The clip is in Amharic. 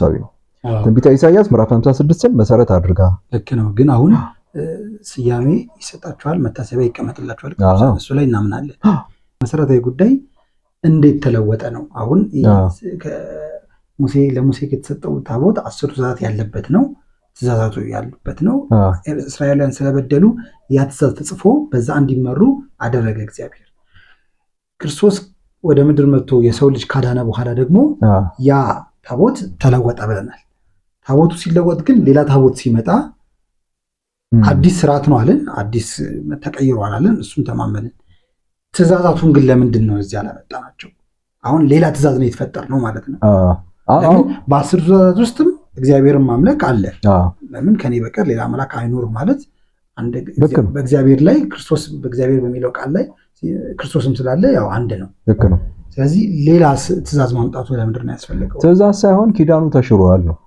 ሳቢ ነው። ትንቢተ ኢሳያስ ምዕራፍ 56ን መሰረት አድርጋ ልክ ነው። ግን አሁን ስያሜ ይሰጣቸዋል፣ መታሰቢያ ይቀመጥላቸዋል። እሱ ላይ እናምናለን። መሰረታዊ ጉዳይ እንዴት ተለወጠ ነው። አሁን ሙሴ ለሙሴ የተሰጠው ታቦት አስሩ ትእዛዛት ያለበት ነው። ትእዛዛቱ ያሉበት ነው። እስራኤላውያን ስለበደሉ ያ ትእዛዝ ተጽፎ በዛ እንዲመሩ አደረገ እግዚአብሔር። ክርስቶስ ወደ ምድር መጥቶ የሰው ልጅ ካዳነ በኋላ ደግሞ ያ ታቦት ተለወጠ ብለናል። ታቦቱ ሲለወጥ ግን ሌላ ታቦት ሲመጣ አዲስ ስርዓት ነው አለን፣ አዲስ ተቀይሯል አለን፣ እሱም ተማመንን። ትእዛዛቱን ግን ለምንድን ነው እዚህ አላመጣናቸው? አሁን ሌላ ትእዛዝ ነው የተፈጠር ነው ማለት ነው። በአስር ትእዛዛት ውስጥም እግዚአብሔርን ማምለክ አለ። ለምን ከኔ በቀር ሌላ አምላክ አይኖርም ማለት በእግዚአብሔር ላይ ክርስቶስ በእግዚአብሔር በሚለው ቃል ላይ ክርስቶስም ስላለ ያው አንድ ነው። ልክ ነው። ስለዚህ ሌላ ትእዛዝ ማምጣቱ ለምንድን ነው ያስፈለገው? ትእዛዝ ሳይሆን ኪዳኑ ተሽሯል ነው